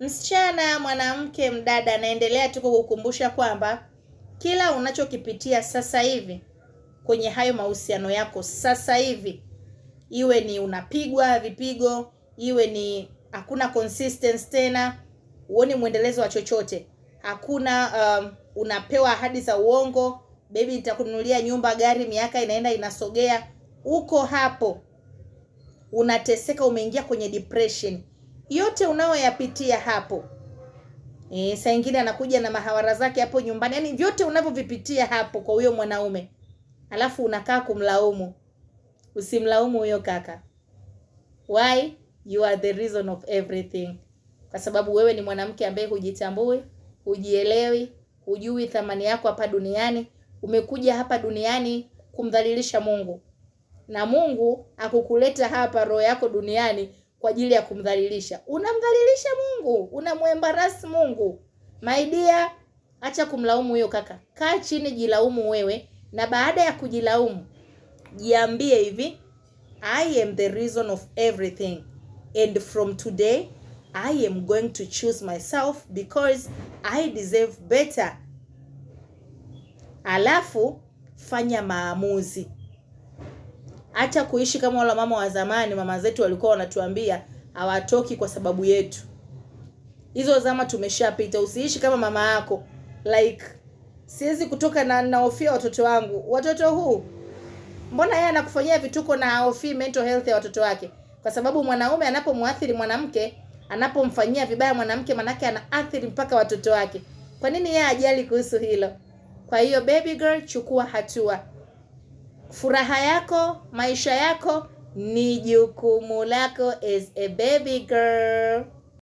Msichana, mwanamke, mdada, naendelea tu kukukumbusha kwamba kila unachokipitia sasa hivi kwenye hayo mahusiano yako sasa hivi, iwe ni unapigwa vipigo, iwe ni hakuna consistency tena, huoni mwendelezo wa chochote, hakuna um, unapewa ahadi za uongo, baby nitakununulia nyumba, gari, miaka inaenda inasogea, uko hapo unateseka, umeingia kwenye depression yote unaoyapitia hapo e, saa ingine anakuja na mahawara zake hapo nyumbani, yaani vyote unavyovipitia hapo kwa huyo mwanaume, alafu unakaa kumlaumu. Usimlaumu huyo kaka. Why you are the reason of everything, kwa sababu wewe ni mwanamke ambaye hujitambui, hujielewi, hujui thamani yako hapa duniani. Umekuja hapa duniani kumdhalilisha Mungu na Mungu akukuleta hapa roho yako duniani kwa ajili ya kumdhalilisha. Unamdhalilisha Mungu, unamwembarasi Mungu. My dear, acha kumlaumu huyo kaka, kaa chini, jilaumu wewe, na baada ya kujilaumu jiambie hivi, I am the reason of everything and from today I am going to choose myself because I deserve better. Alafu fanya maamuzi hata kuishi kama wala mama wa zamani, mama zetu walikuwa wanatuambia hawatoki kwa sababu yetu. Hizo zama tumeshapita. Usiishi kama mama yako like siwezi kutoka na naofia watoto wangu. Watoto huu mbona yeye anakufanyia vituko na haofii mental health ya watoto wake? Kwa sababu mwanaume anapomwathiri mwanamke, anapomfanyia vibaya mwanamke, manake anaathiri mpaka watoto wake. Kwa nini yeye ajali kuhusu hilo? Kwa hiyo baby girl, chukua hatua furaha yako, maisha yako ni jukumu lako as a baby girl.